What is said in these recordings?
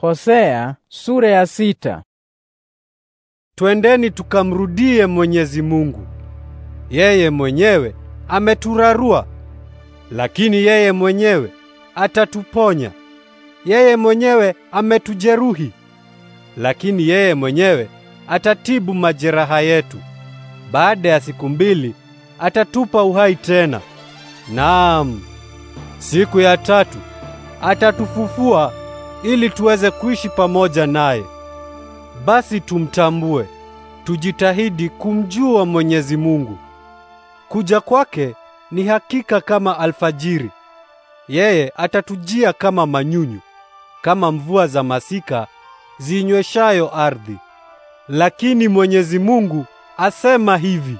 Hosea sura ya sita. Twendeni tukamrudie Mwenyezi Mungu. Yeye mwenyewe ameturarua, lakini yeye mwenyewe atatuponya. Yeye mwenyewe ametujeruhi, lakini yeye mwenyewe atatibu majeraha yetu. Baada ya siku mbili atatupa uhai tena. Naam, siku ya tatu atatufufua ili tuweze kuishi pamoja naye. Basi tumtambue, tujitahidi kumjua Mwenyezi Mungu. Kuja kwake ni hakika kama alfajiri. Yeye atatujia kama manyunyu, kama mvua za masika zinyweshayo ardhi. Lakini Mwenyezi Mungu asema hivi: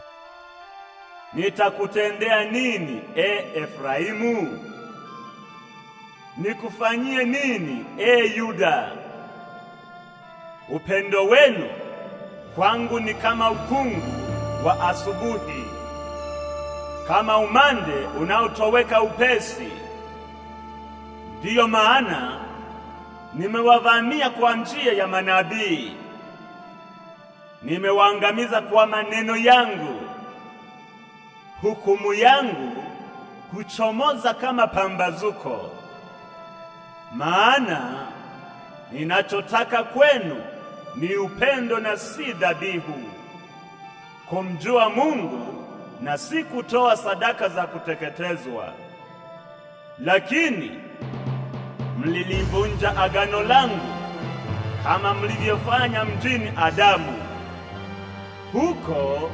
Nitakutendea nini, e Efraimu? nikufanyie nini, e Yuda? Upendo wenu kwangu ni kama ukungu wa asubuhi, kama umande unaotoweka upesi. Ndiyo maana nimewavamia kwa njia ya manabii, nimewaangamiza kwa maneno yangu. Hukumu yangu huchomoza kama pambazuko maana ninachotaka kwenu ni upendo na si dhabihu, kumjua Mungu na si kutoa sadaka za kuteketezwa. Lakini mlilivunja agano langu kama mlivyofanya mjini Adamu. Huko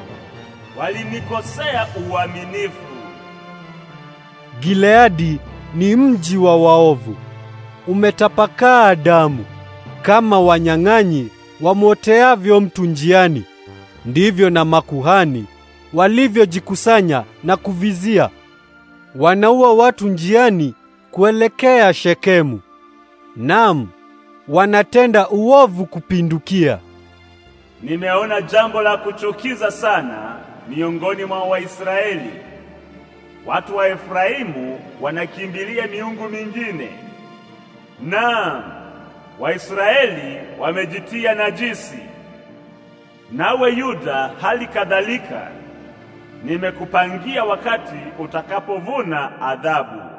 walinikosea uaminifu. Gileadi ni mji wa waovu umetapakaa damu. Kama wanyang'anyi wamwoteavyo mtu njiani, ndivyo na makuhani walivyojikusanya na kuvizia. Wanaua watu njiani kuelekea Shekemu. Naam, wanatenda uovu kupindukia. Nimeona jambo la kuchukiza sana miongoni mwa Waisraeli. Watu wa Efraimu wanakimbilia miungu mingine na Waisraeli wamejitia najisi, nawe Yuda hali kadhalika. Nimekupangia wakati utakapovuna adhabu.